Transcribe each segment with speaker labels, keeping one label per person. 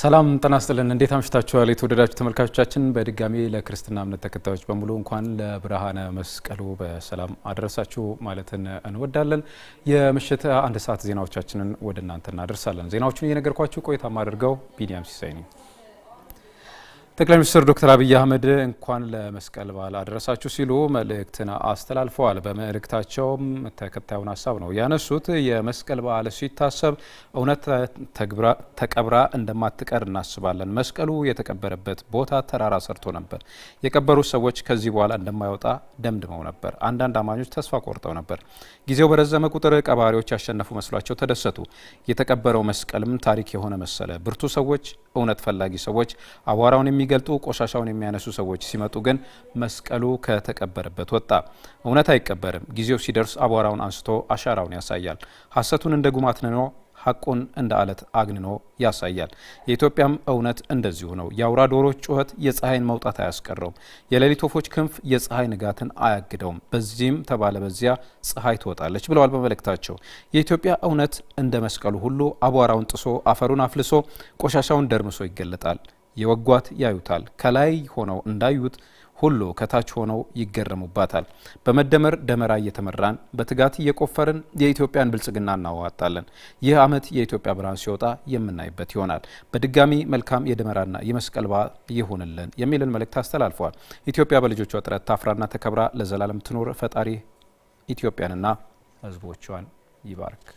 Speaker 1: ሰላም ጤና ይስጥልን። እንዴት አምሽታችኋል? የተወደዳችሁ ተመልካቾቻችን በድጋሚ ለክርስትና እምነት ተከታዮች በሙሉ እንኳን ለብርሃነ መስቀሉ በሰላም አደረሳችሁ ማለትን እንወዳለን። የምሽት አንድ ሰዓት ዜናዎቻችንን ወደ እናንተ እናደርሳለን። ዜናዎቹን እየነገርኳችሁ ቆይታ ማደርገው ቢኒያም ሲሳይ ነኝ። ጠቅላይ ሚኒስትር ዶክተር አብይ አህመድ እንኳን ለመስቀል በዓል አደረሳችሁ ሲሉ መልእክትን አስተላልፈዋል። በመልእክታቸውም ተከታዩን ሀሳብ ነው ያነሱት። የመስቀል በዓል ሲታሰብ እውነት ተቀብራ እንደማትቀር እናስባለን። መስቀሉ የተቀበረበት ቦታ ተራራ ሰርቶ ነበር። የቀበሩት ሰዎች ከዚህ በኋላ እንደማይወጣ ደምድመው ነበር። አንዳንድ አማኞች ተስፋ ቆርጠው ነበር። ጊዜው በረዘመ ቁጥር ቀባሪዎች ያሸነፉ መስሏቸው ተደሰቱ። የተቀበረው መስቀልም ታሪክ የሆነ መሰለ። ብርቱ ሰዎች፣ እውነት ፈላጊ ሰዎች አቧራውን የሚ ሲገልጡ ቆሻሻውን የሚያነሱ ሰዎች ሲመጡ ግን መስቀሉ ከተቀበረበት ወጣ። እውነት አይቀበርም። ጊዜው ሲደርስ አቧራውን አንስቶ አሻራውን ያሳያል። ሐሰቱን እንደ ጉማት ነኖ ሐቁን እንደ አለት አግንኖ ያሳያል። የኢትዮጵያም እውነት እንደዚሁ ነው። የአውራ ዶሮች ጩኸት የፀሐይን መውጣት አያስቀረውም። የሌሊት ወፎች ክንፍ የፀሐይ ንጋትን አያግደውም። በዚህም ተባለ በዚያ ፀሐይ ትወጣለች ብለዋል በመልእክታቸው። የኢትዮጵያ እውነት እንደ መስቀሉ ሁሉ አቧራውን ጥሶ አፈሩን አፍልሶ ቆሻሻውን ደርምሶ ይገለጣል። የወጓት ያዩታል። ከላይ ሆነው እንዳዩት ሁሉ ከታች ሆነው ይገረሙባታል። በመደመር ደመራ እየተመራን በትጋት እየቆፈርን የኢትዮጵያን ብልጽግና እናዋጣለን። ይህ ዓመት የኢትዮጵያ ብርሃን ሲወጣ የምናይበት ይሆናል። በድጋሚ መልካም የደመራና የመስቀል በዓል ይሁንልን የሚልን መልእክት አስተላልፈዋል። ኢትዮጵያ በልጆቿ ጥረት ታፍራና ተከብራ ለዘላለም ትኖር። ፈጣሪ ኢትዮጵያንና ሕዝቦቿን ይባርክ።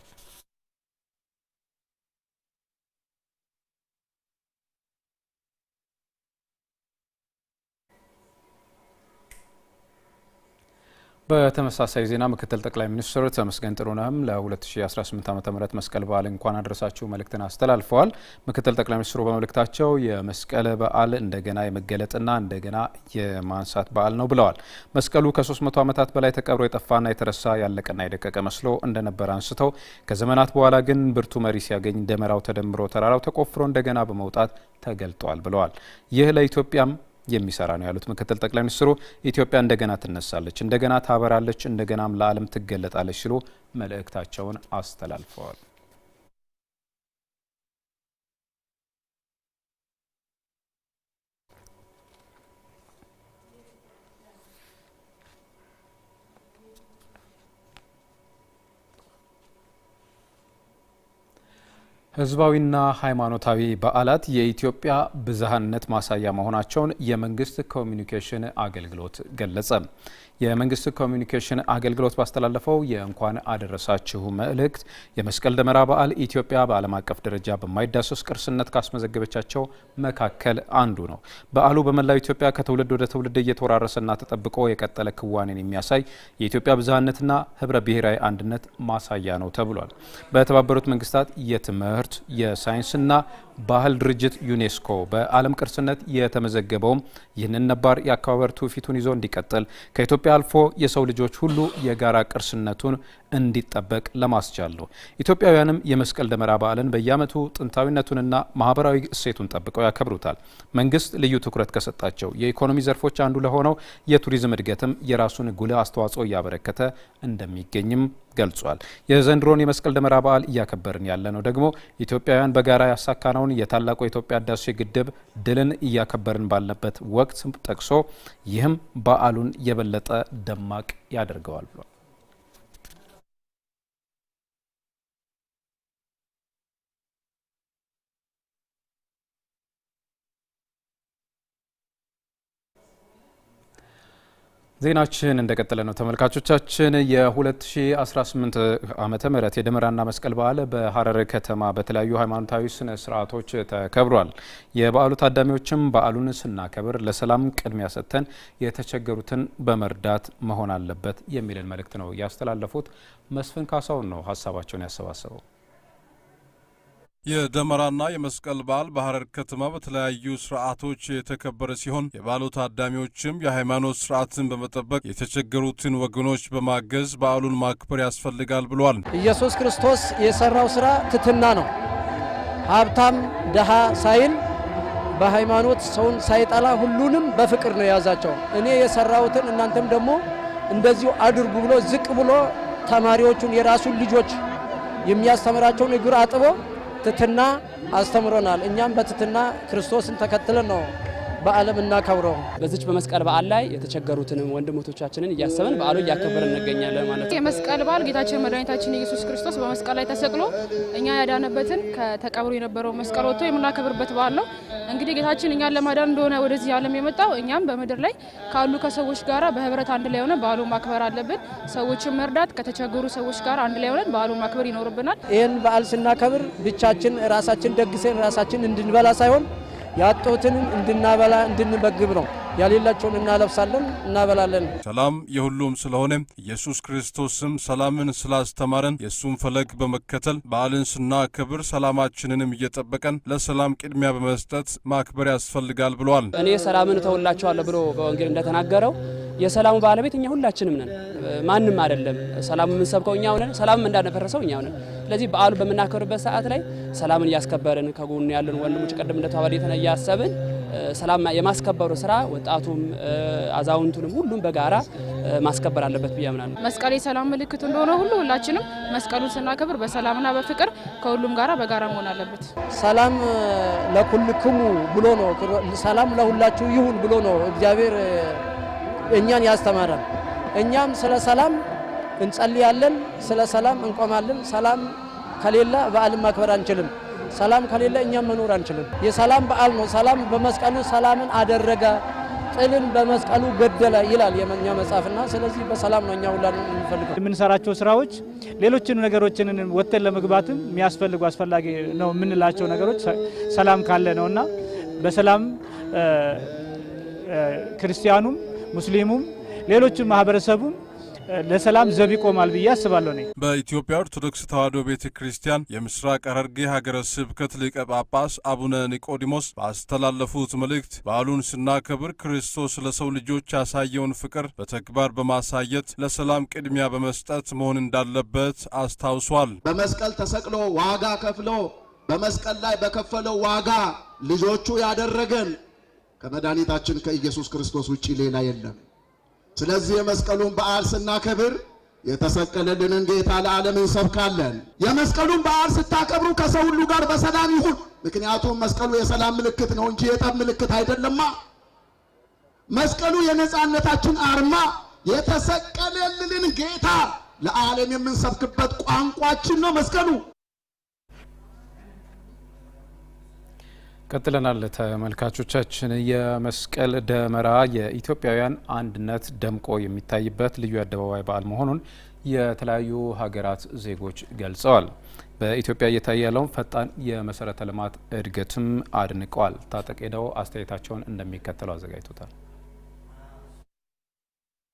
Speaker 1: በተመሳሳይ ዜና ምክትል ጠቅላይ ሚኒስትር ተመስገን ጥሩነህም ለ2018 ዓ ም መስቀል በዓል እንኳን አድረሳችሁ መልእክትን አስተላልፈዋል። ምክትል ጠቅላይ ሚኒስትሩ በመልእክታቸው የመስቀል በዓል እንደገና የመገለጥና እንደገና የማንሳት በዓል ነው ብለዋል። መስቀሉ ከ300 ዓመታት በላይ ተቀብሮ የጠፋና የተረሳ ያለቀና የደቀቀ መስሎ እንደነበረ አንስተው ከዘመናት በኋላ ግን ብርቱ መሪ ሲያገኝ ደመራው ተደምሮ ተራራው ተቆፍሮ እንደገና በመውጣት ተገልጧል ብለዋል። ይህ ለኢትዮጵያም የሚሰራ ነው ያሉት ምክትል ጠቅላይ ሚኒስትሩ ኢትዮጵያ እንደገና ትነሳለች፣ እንደገና ታበራለች፣ እንደገናም ለዓለም ትገለጣለች ሲሉ መልእክታቸውን አስተላልፈዋል። ህዝባዊና ሃይማኖታዊ በዓላት የኢትዮጵያ ብዝሃነት ማሳያ መሆናቸውን የመንግስት ኮሚኒኬሽን አገልግሎት ገለጸ። የመንግስት ኮሚኒኬሽን አገልግሎት ባስተላለፈው የእንኳን አደረሳችሁ መልእክት የመስቀል ደመራ በዓል ኢትዮጵያ በዓለም አቀፍ ደረጃ በማይዳሰስ ቅርስነት ካስመዘገበቻቸው መካከል አንዱ ነው። በዓሉ በመላው ኢትዮጵያ ከትውልድ ወደ ትውልድ እየተወራረሰና ተጠብቆ የቀጠለ ክዋኔን የሚያሳይ የኢትዮጵያ ብዝሃነትና ህብረ ብሔራዊ አንድነት ማሳያ ነው ተብሏል። በተባበሩት መንግስታት የትምህርት ትምህርት የሳይንስና ባህል ድርጅት ዩኔስኮ በዓለም ቅርስነት የተመዘገበውም ይህንን ነባር የአከባበር ትውፊቱን ይዞ እንዲቀጥል ከኢትዮጵያ አልፎ የሰው ልጆች ሁሉ የጋራ ቅርስነቱን እንዲጠበቅ ለማስቻል ነው። ኢትዮጵያውያንም የመስቀል ደመራ በዓልን በየዓመቱ ጥንታዊነቱንና ማህበራዊ እሴቱን ጠብቀው ያከብሩታል። መንግስት ልዩ ትኩረት ከሰጣቸው የኢኮኖሚ ዘርፎች አንዱ ለሆነው የቱሪዝም እድገትም የራሱን ጉልህ አስተዋጽኦ እያበረከተ እንደሚገኝም ገልጿል። የዘንድሮን የመስቀል ደመራ በዓል እያከበርን ያለ ነው ደግሞ ኢትዮጵያውያን በጋራ ያሳካ ነው አሁን የታላቁ የኢትዮጵያ ህዳሴ ግድብ ድልን እያከበርን ባለበት ወቅት ጠቅሶ ይህም በዓሉን የበለጠ ደማቅ ያደርገዋል ብሏል። ዜናችን እንደቀጠለ ነው ተመልካቾቻችን። የ2018 ዓመተ ምህረት የደመራና መስቀል በዓል በሀረር ከተማ በተለያዩ ሃይማኖታዊ ስነ ስርዓቶች ተከብሯል። የበዓሉ ታዳሚዎችም በዓሉን ስናከብር ለሰላም ቅድሚያ ሰጥተን የተቸገሩትን በመርዳት መሆን አለበት የሚልን መልእክት ነው ያስተላለፉት። መስፍን ካሳውን ነው ሀሳባቸውን ያሰባሰበው። የደመራና የመስቀል በዓል በሐረር ከተማ በተለያዩ ስርዓቶች የተከበረ ሲሆን የበዓሉ ታዳሚዎችም የሃይማኖት ስርዓትን በመጠበቅ የተቸገሩትን ወገኖች በማገዝ በዓሉን ማክበር ያስፈልጋል ብሏል።
Speaker 2: ኢየሱስ ክርስቶስ የሰራው ስራ ትትና ነው። ሀብታም ደሃ ሳይል በሃይማኖት ሰውን ሳይጠላ ሁሉንም በፍቅር ነው የያዛቸው። እኔ የሰራሁትን እናንተም ደግሞ እንደዚሁ አድርጉ ብሎ ዝቅ ብሎ ተማሪዎቹን የራሱን ልጆች የሚያስተምራቸውን እግር አጥበው። ትትና አስተምሮናል። እኛም በትትና ክርስቶስን ተከትለን ነው በዓለም እናከብረው።
Speaker 3: በዚች በመስቀል በዓል ላይ የተቸገሩትንም ወንድሞቶቻችንን እያሰብን በዓሉ እያከበረ እንገኛለን ማለት
Speaker 4: ነው። የመስቀል በዓል ጌታችን መድኃኒታችን ኢየሱስ ክርስቶስ በመስቀል ላይ ተሰቅሎ እኛ ያዳነበትን ከተቀብሮ የነበረው መስቀል ወጥቶ የምናከብርበት በዓል ነው። እንግዲህ ጌታችን እኛን ለማዳን እንደሆነ ወደዚህ ዓለም የመጣው እኛም በምድር ላይ ካሉ ከሰዎች ጋራ በህብረት አንድ ላይ ሆነን በዓሉን ማክበር አለብን። ሰዎችን መርዳት፣ ከተቸገሩ ሰዎች ጋር አንድ ላይ ሆነን በዓሉን ማክበር ይኖርብናል።
Speaker 5: ይህን በዓል ስናከብር ብቻችን ራሳችን ደግሰን ራሳችን እንድንበላ ሳይሆን ያጡትን እንድናበላ እንድንመግብ ነው። ያሌላቸውን እናለብሳለን፣ እናበላለን።
Speaker 6: ሰላም የሁሉም ስለሆነ ኢየሱስ ክርስቶስም ሰላምን ስላስተማረን የእሱን ፈለግ በመከተል በዓልን ስናከብር ሰላማችንንም እየጠበቀን ለሰላም ቅድሚያ በመስጠት ማክበር ያስፈልጋል ብለዋል።
Speaker 7: እኔ ሰላምን እተውላችኋለሁ ብሎ በወንጌል እንደተናገረው የሰላሙ ባለቤት እኛ ሁላችንም ነን፣ ማንም አይደለም። ሰላሙ የምንሰብከው እኛው ነን፣ ሰላምም እንዳነፈረሰው እኛው ነን። ስለዚህ በዓሉ በምናከብርበት ሰዓት ላይ ሰላምን እያስከበርን ከጎኑ ያለን ወንድሞች ቀደም እንደተባለ እያሰብን ሰላም የማስከበሩ ስራ ወጣቱም አዛውንቱንም ሁሉም በጋራ ማስከበር አለበት ብዬ አምናለሁ።
Speaker 8: መስቀል የሰላም ምልክት እንደሆነ ሁሉ ሁላችንም መስቀሉን ስናከብር በሰላምና በፍቅር ከሁሉም ጋራ በጋራ መሆን አለበት።
Speaker 9: ሰላም ለኩልክሙ ብሎ ነው ሰላም ለሁላችሁ ይሁን ብሎ ነው እግዚአብሔር እኛን ያስተማራል። እኛም ስለ ሰላም እንጸልያለን፣ ስለ ሰላም እንቆማለን። ሰላም ከሌለ በዓልን ማክበር አንችልም። ሰላም ከሌለ እኛም መኖር አንችልም። የሰላም በዓል ነው። ሰላም በመስቀሉ ሰላምን አደረገ፣ ጥልን በመስቀሉ ገደለ ይላል የመኛ መጽሐፍና ስለዚህ በሰላም ነው እኛ ሁላ የምንፈልገው።
Speaker 10: የምንሰራቸው ስራዎች ሌሎችን ነገሮችን ወጥተን ለመግባትም የሚያስፈልጉ አስፈላጊ ነው የምንላቸው ነገሮች ሰላም ካለ እና በሰላም ክርስቲያኑም ሙስሊሙም ሌሎቹም ማህበረሰቡም ለሰላም ዘብ ይቆማል ብዬ አስባለሁ። ነ
Speaker 11: በኢትዮጵያ ኦርቶዶክስ ተዋሕዶ ቤተ ክርስቲያን የምስራቅ ሐረርጌ ሀገረ ስብከት ሊቀ ጳጳስ አቡነ ኒቆዲሞስ ባስተላለፉት መልእክት በዓሉን ስናከብር ክርስቶስ ለሰው ልጆች ያሳየውን ፍቅር በተግባር በማሳየት ለሰላም ቅድሚያ በመስጠት መሆን እንዳለበት አስታውሷል።
Speaker 12: በመስቀል ተሰቅሎ ዋጋ ከፍሎ በመስቀል ላይ በከፈለው ዋጋ ልጆቹ ያደረገን ከመድኃኒታችን ከኢየሱስ ክርስቶስ ውጪ ሌላ የለም። ስለዚህ የመስቀሉን በዓል ስናከብር የተሰቀለልንን ጌታ ለዓለም እንሰብካለን። የመስቀሉን በዓል ስታከብሩ ከሰው ሁሉ ጋር በሰላም ይሁን። ምክንያቱም መስቀሉ የሰላም ምልክት ነው እንጂ የጠብ ምልክት አይደለማ። መስቀሉ የነፃነታችን አርማ፣ የተሰቀለልንን ጌታ ለዓለም የምንሰብክበት ቋንቋችን ነው መስቀሉ።
Speaker 1: ቀጥለናል ተመልካቾቻችን። የመስቀል ደመራ የኢትዮጵያውያን አንድነት ደምቆ የሚታይበት ልዩ አደባባይ በዓል መሆኑን የተለያዩ ሀገራት ዜጎች ገልጸዋል። በኢትዮጵያ እየታየ ያለውን ፈጣን የመሰረተ ልማት እድገትም አድንቀዋል። ታጠቅ ሄደው አስተያየታቸውን እንደሚከተለው አዘጋጅቶታል።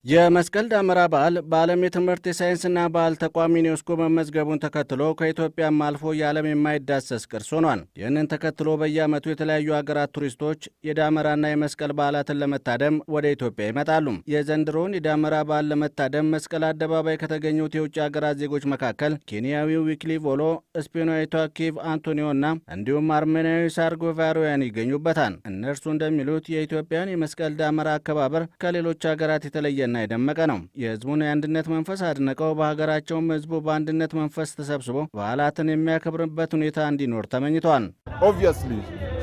Speaker 13: የመስቀል ደመራ በዓል በዓለም የትምህርት የሳይንስና ባህል ተቋም ዩኔስኮ መመዝገቡን ተከትሎ ከኢትዮጵያም አልፎ የዓለም የማይዳሰስ ቅርስ ሆኗል። ይህንን ተከትሎ በየዓመቱ የተለያዩ ሀገራት ቱሪስቶች የዳመራና የመስቀል በዓላትን ለመታደም ወደ ኢትዮጵያ ይመጣሉ። የዘንድሮውን የዳመራ በዓል ለመታደም መስቀል አደባባይ ከተገኙት የውጭ ሀገራት ዜጎች መካከል ኬንያዊው ዊክሊ ቮሎ፣ ስፔናዊቷ ኬቭ አንቶኒዮና እንዲሁም አርሜናዊ ሳርጎቫሮያን ይገኙበታል። እነርሱ እንደሚሉት የኢትዮጵያን የመስቀል ዳመራ አከባበር ከሌሎች ሀገራት የተለየ የላቀና የደመቀ ነው። የህዝቡን የአንድነት መንፈስ አድንቀው በሀገራቸውም ህዝቡ በአንድነት መንፈስ ተሰብስቦ በዓላትን የሚያከብርበት ሁኔታ እንዲኖር ተመኝቷል።
Speaker 14: ኦብቪየስሊ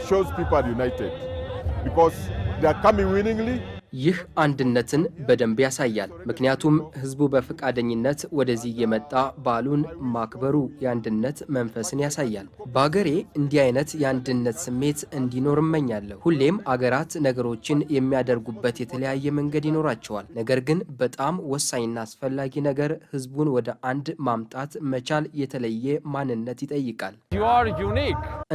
Speaker 14: ሾውስ ፒፕል ዩናይትድ ቢኮዝ
Speaker 13: ይህ አንድነትን በደንብ ያሳያል። ምክንያቱም ህዝቡ በፈቃደኝነት ወደዚህ የመጣ በዓሉን ማክበሩ የአንድነት መንፈስን ያሳያል። በአገሬ እንዲህ አይነት የአንድነት ስሜት እንዲኖር እመኛለሁ። ሁሌም አገራት ነገሮችን የሚያደርጉበት የተለያየ መንገድ ይኖራቸዋል። ነገር ግን በጣም ወሳኝና አስፈላጊ ነገር ህዝቡን ወደ አንድ ማምጣት መቻል የተለየ ማንነት ይጠይቃል።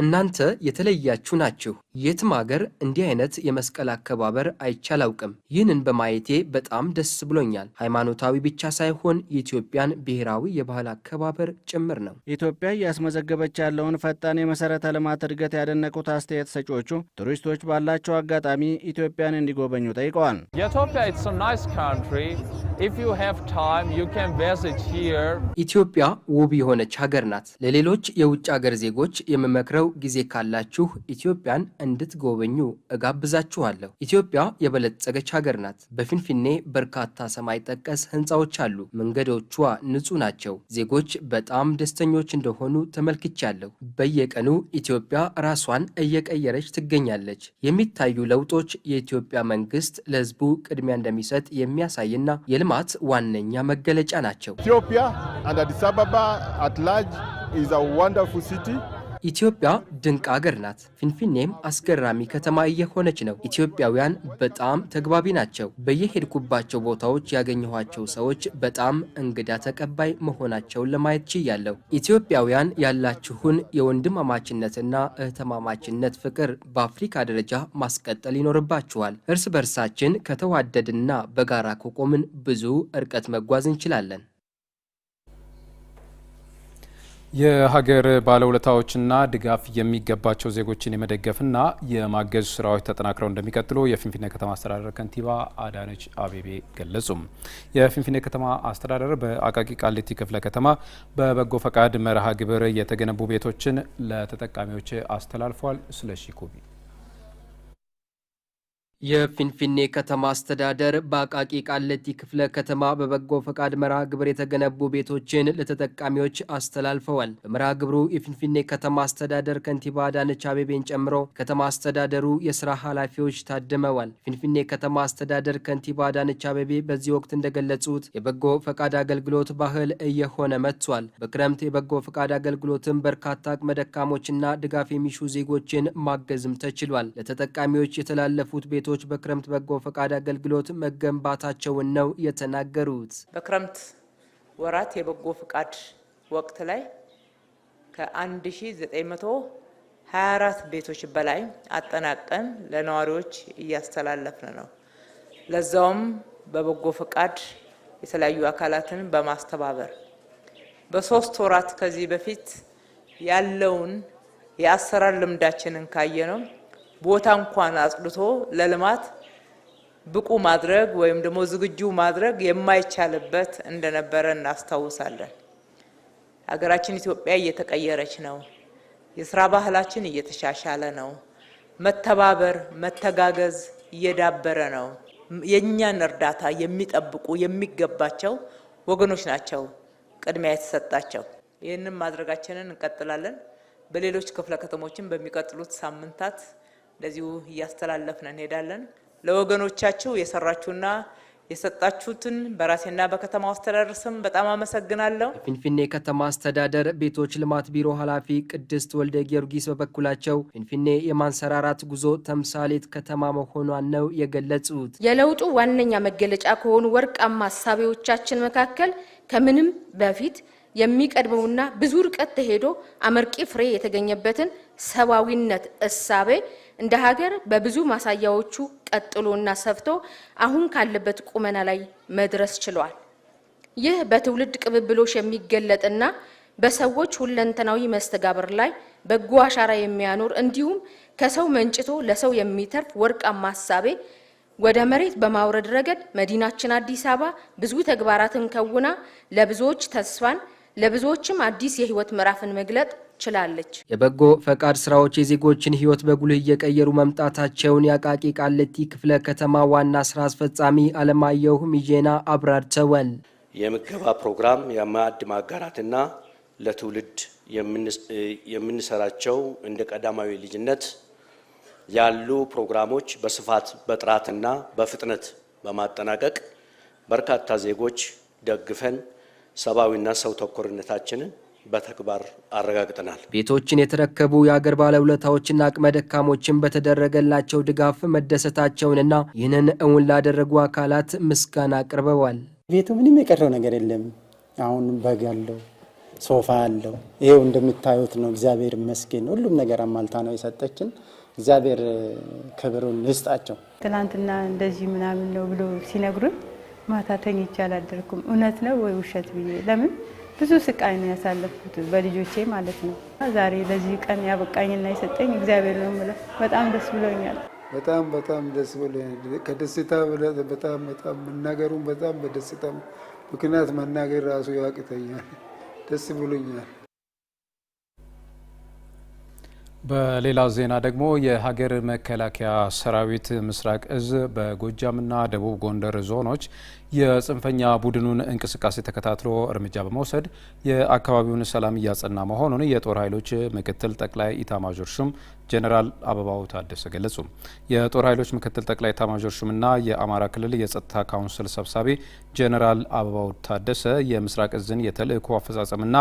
Speaker 13: እናንተ የተለያችሁ ናችሁ። የትም አገር እንዲህ አይነት የመስቀል አከባበር አይቻል አውቅም። አላውቅም። ይህንን በማየቴ በጣም ደስ ብሎኛል። ሃይማኖታዊ ብቻ ሳይሆን የኢትዮጵያን ብሔራዊ የባህል አከባበር ጭምር ነው።
Speaker 15: ኢትዮጵያ እያስመዘገበች ያለውን ፈጣን የመሰረተ ልማት እድገት ያደነቁት አስተያየት ሰጪዎቹ ቱሪስቶች ባላቸው አጋጣሚ ኢትዮጵያን እንዲጎበኙ ጠይቀዋል።
Speaker 13: ኢትዮጵያ ውብ የሆነች ሀገር ናት። ለሌሎች የውጭ ሀገር ዜጎች የምመክረው ጊዜ ካላችሁ ኢትዮጵያን እንድትጎበኙ እጋብዛችኋለሁ። ኢትዮጵያ የበለጸ የበለጸገች ሀገር ናት። በፊንፊኔ በርካታ ሰማይ ጠቀስ ህንፃዎች አሉ። መንገዶቿ ንጹህ ናቸው። ዜጎች በጣም ደስተኞች እንደሆኑ ተመልክቻለሁ። በየቀኑ ኢትዮጵያ ራሷን እየቀየረች ትገኛለች። የሚታዩ ለውጦች የኢትዮጵያ መንግስት ለህዝቡ ቅድሚያ እንደሚሰጥ የሚያሳይና የልማት ዋነኛ መገለጫ ናቸው።
Speaker 16: ኢትዮጵያ አንድ አዲስ አበባ አትላጅ ኢዝ አ ሲቲ
Speaker 13: ኢትዮጵያ ድንቅ አገር ናት። ፊንፊኔም አስገራሚ ከተማ እየሆነች ነው። ኢትዮጵያውያን በጣም ተግባቢ ናቸው። በየሄድኩባቸው ቦታዎች ያገኘኋቸው ሰዎች በጣም እንግዳ ተቀባይ መሆናቸውን ለማየት ችያለሁ። ኢትዮጵያውያን ያላችሁን የወንድማማችነትና እህተማማችነት ፍቅር በአፍሪካ ደረጃ ማስቀጠል ይኖርባችኋል። እርስ በርሳችን ከተዋደድና በጋራ ከቆምን ብዙ እርቀት መጓዝ እንችላለን።
Speaker 1: የሀገር ባለውለታዎችና ድጋፍ የሚገባቸው ዜጎችን የመደገፍና የማገዙ ስራዎች ተጠናክረው እንደሚቀጥሉ የፊንፊኔ ከተማ አስተዳደር ከንቲባ አዳነች አቤቤ ገለጹም። የፊንፊኔ ከተማ አስተዳደር በአቃቂ ቃሊቲ ክፍለ ከተማ በበጎ ፈቃድ መርሃ ግብር የተገነቡ ቤቶችን ለተጠቃሚዎች አስተላልፏል። ስለሺ ኩቢ
Speaker 17: የፊንፊኔ ከተማ አስተዳደር በአቃቂ ቃሊቲ ክፍለ ከተማ በበጎ ፈቃድ መርሃ ግብር የተገነቡ ቤቶችን ለተጠቃሚዎች አስተላልፈዋል። በመርሃ ግብሩ የፊንፊኔ ከተማ አስተዳደር ከንቲባ አዳነች አቤቤን ጨምሮ ከተማ አስተዳደሩ የስራ ኃላፊዎች ታድመዋል። ፊንፊኔ ከተማ አስተዳደር ከንቲባ አዳነች አቤቤ በዚህ ወቅት እንደገለጹት የበጎ ፈቃድ አገልግሎት ባህል እየሆነ መጥቷል። በክረምት የበጎ ፈቃድ አገልግሎትም በርካታ አቅመ ደካሞችና ድጋፍ የሚሹ ዜጎችን ማገዝም ተችሏል። ለተጠቃሚዎች የተላለፉት ቤቶች ቤቶች በክረምት በጎ ፈቃድ አገልግሎት መገንባታቸውን ነው የተናገሩት።
Speaker 18: በክረምት ወራት የበጎ ፈቃድ ወቅት ላይ ከ1924 ቤቶች በላይ አጠናቀን ለነዋሪዎች እያስተላለፍን ነው። ለዛውም በበጎ ፈቃድ የተለያዩ አካላትን በማስተባበር በሶስት ወራት ከዚህ በፊት ያለውን የአሰራር ልምዳችንን ካየ ነው ቦታ እንኳን አጽድቶ ለልማት ብቁ ማድረግ ወይም ደግሞ ዝግጁ ማድረግ የማይቻልበት እንደነበረ እናስታውሳለን። ሀገራችን ኢትዮጵያ እየተቀየረች ነው። የስራ ባህላችን እየተሻሻለ ነው። መተባበር፣ መተጋገዝ እየዳበረ ነው። የእኛን እርዳታ የሚጠብቁ የሚገባቸው ወገኖች ናቸው ቅድሚያ የተሰጣቸው። ይህንን ማድረጋችንን እንቀጥላለን። በሌሎች ክፍለ ከተሞችን በሚቀጥሉት ሳምንታት እንደዚሁ እያስተላለፍን እንሄዳለን። ለወገኖቻችሁ የሰራችሁና የሰጣችሁትን በራሴና በከተማ አስተዳደር ስም በጣም አመሰግናለሁ።
Speaker 17: የፊንፊኔ ከተማ አስተዳደር ቤቶች ልማት ቢሮ ኃላፊ ቅድስት ወልደ ጊዮርጊስ በበኩላቸው ፊንፊኔ የማንሰራራት ጉዞ ተምሳሌት ከተማ መሆኗን ነው የገለጹት።
Speaker 19: የለውጡ ዋነኛ መገለጫ ከሆኑ ወርቃማ ሀሳቢዎቻችን መካከል ከምንም በፊት የሚቀድመውና ብዙ ርቀት ተሄዶ አመርቂ ፍሬ የተገኘበትን ሰብአዊነት እሳቤ እንደ ሀገር በብዙ ማሳያዎቹ ቀጥሎና ሰፍቶ አሁን ካለበት ቁመና ላይ መድረስ ችሏል። ይህ በትውልድ ቅብብሎሽ የሚገለጥና በሰዎች ሁለንተናዊ መስተጋብር ላይ በጎ አሻራ የሚያኖር እንዲሁም ከሰው መንጭቶ ለሰው የሚተርፍ ወርቃማ ሀሳቤ ወደ መሬት በማውረድ ረገድ መዲናችን አዲስ አበባ ብዙ ተግባራትን ከውና ለብዙዎች ተስፋን ለብዙዎችም አዲስ የህይወት ምዕራፍን መግለጥ ችላለች።
Speaker 17: የበጎ ፈቃድ ስራዎች የዜጎችን ህይወት በጉልህ እየቀየሩ መምጣታቸውን የአቃቂ ቃሊቲ ክፍለ ከተማ ዋና ስራ አስፈጻሚ አለማየሁ ሚዜና አብራርተዋል።
Speaker 20: የምገባ ፕሮግራም፣ የማዕድ ማጋራትና ለትውልድ የምንሰራቸው እንደ ቀዳማዊ ልጅነት ያሉ ፕሮግራሞች በስፋት በጥራትና በፍጥነት በማጠናቀቅ በርካታ ዜጎች ደግፈን ሰብአዊና ሰው ተኮርነታችንን በተግባር አረጋግጠናል።
Speaker 17: ቤቶችን የተረከቡ የአገር ባለውለታዎችና አቅመ ደካሞችን በተደረገላቸው ድጋፍ መደሰታቸውንና ይህንን እውን ላደረጉ አካላት ምስጋና አቅርበዋል።
Speaker 21: ቤቱ ምንም የቀረው ነገር የለም። አሁን በግ አለው፣ ሶፋ አለው። ይሄው እንደምታዩት ነው። እግዚአብሔር ይመስገን። ሁሉም ነገር አማልታ ነው የሰጠችን። እግዚአብሔር ክብሩን ይስጣቸው።
Speaker 22: ትናንትና እንደዚህ ምናምን ነው ብሎ ሲነግሩን ማታ ተኝቼ አላደርኩም። እውነት ነው ወይ ውሸት ብዬ ለምን ብዙ ስቃይ ነው ያሳለፍኩት በልጆቼ ማለት ነው። ዛሬ ለዚህ ቀን ያበቃኝና የሰጠኝ እግዚአብሔር ነው የምለው። በጣም ደስ ብሎኛል።
Speaker 23: በጣም በጣም ደስ ብሎኛል። ከደስታ በጣም በጣም መናገሩን በጣም በደስታ ምክንያት መናገር ራሱ ያቅተኛል። ደስ ብሎኛል።
Speaker 1: በሌላ ዜና ደግሞ የሀገር መከላከያ ሰራዊት ምስራቅ እዝ በጎጃምና ደቡብ ጎንደር ዞኖች የጽንፈኛ ቡድኑን እንቅስቃሴ ተከታትሎ እርምጃ በመውሰድ የአካባቢውን ሰላም እያጸና መሆኑን የጦር ኃይሎች ምክትል ጠቅላይ ኢታማዦር ሹም ጀኔራል አበባው ታደሰ ገለጹ። የጦር ኃይሎች ምክትል ጠቅላይ ኢታማዦር ሹምና የአማራ ክልል የጸጥታ ካውንስል ሰብሳቢ ጀኔራል አበባው ታደሰ የምስራቅ እዝን የተልእኮ አፈጻጸምና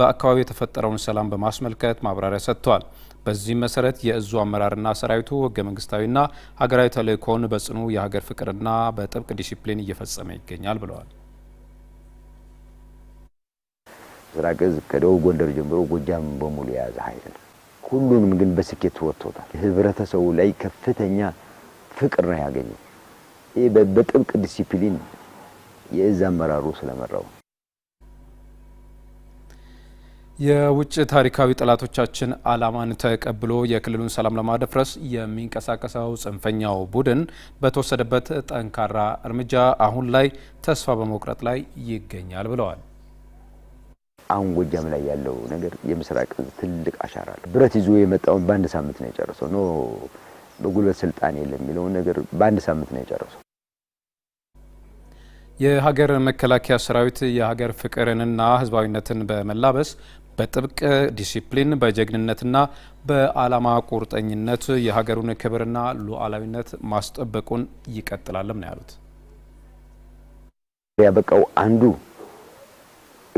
Speaker 1: በአካባቢው የተፈጠረውን ሰላም በማስመልከት ማብራሪያ ሰጥተዋል። በዚህም መሰረት የእዙ አመራርና ሰራዊቱ ህገ መንግስታዊና ሀገራዊ ተልእኮውን በጽኑ የሀገር ፍቅርና በጥብቅ ዲሲፕሊን እየፈጸመ ይገኛል ብለዋል።
Speaker 24: ምስራቅ እዝ ከደቡብ ጎንደር ጀምሮ ጎጃም በሙሉ የያዘ ኃይል ነው። ሁሉንም ግን በስኬት ወጥቶታል። ህብረተሰቡ ላይ ከፍተኛ ፍቅር ነው ያገኘው። ይህ በጥብቅ ዲሲፕሊን የእዝ አመራሩ ስለመራው
Speaker 1: የውጭ ታሪካዊ ጠላቶቻችን ዓላማን ተቀብሎ የክልሉን ሰላም ለማደፍረስ የሚንቀሳቀሰው ጽንፈኛው ቡድን በተወሰደበት ጠንካራ እርምጃ አሁን ላይ ተስፋ በመቁረጥ ላይ ይገኛል ብለዋል።
Speaker 25: አሁን ጎጃም ላይ ያለው ነገር የምስራቅ ትልቅ አሻራ አለ። ብረት ይዞ የመጣውን በአንድ ሳምንት ነው የጨረሰው። ኖ በጉልበት ስልጣን የለም የሚለውን ነገር በአንድ ሳምንት ነው የጨረሰው።
Speaker 1: የሀገር መከላከያ ሰራዊት የሀገር ፍቅርንና ሕዝባዊነትን በመላበስ በጥብቅ ዲሲፕሊን በጀግንነትና በዓላማ ቁርጠኝነት የሀገሩን ክብርና ሉዓላዊነት ማስጠበቁን ይቀጥላልም ነው ያሉት።
Speaker 26: ያበቃው አንዱ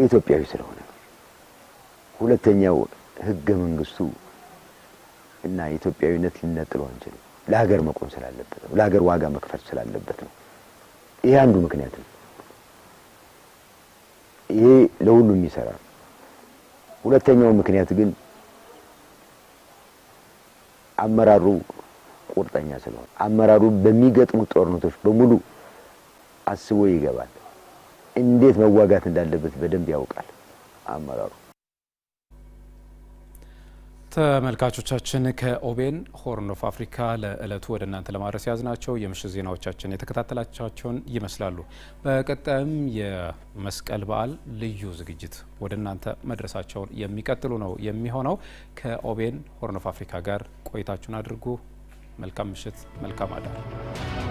Speaker 26: ኢትዮጵያዊ ስለሆነ፣ ሁለተኛው ህገ መንግስቱ እና ኢትዮጵያዊነት ሊነጥሉ አንችልም። ለሀገር መቆም ስላለበት ነው። ለሀገር ዋጋ መክፈል ስላለበት ነው። ይሄ አንዱ ምክንያት ነው። ይሄ ለሁሉም ይሰራል። ሁለተኛው ምክንያት ግን አመራሩ ቁርጠኛ ስለሆነ አመራሩ በሚገጥሙ ጦርነቶች በሙሉ አስቦ ይገባል። እንዴት መዋጋት እንዳለበት በደንብ ያውቃል አመራሩ።
Speaker 1: ተመልካቾቻችን ከኦቤን ሆርን ኦፍ አፍሪካ ለዕለቱ ወደ እናንተ ለማድረስ የያዝናቸው የምሽት ዜናዎቻችን የተከታተላቻቸውን ይመስላሉ። በቀጣይም የመስቀል በዓል ልዩ ዝግጅት ወደ እናንተ መድረሳቸውን የሚቀጥሉ ነው የሚሆነው። ከኦቤን ሆርን ኦፍ አፍሪካ ጋር ቆይታችሁን አድርጉ። መልካም ምሽት፣ መልካም አዳር።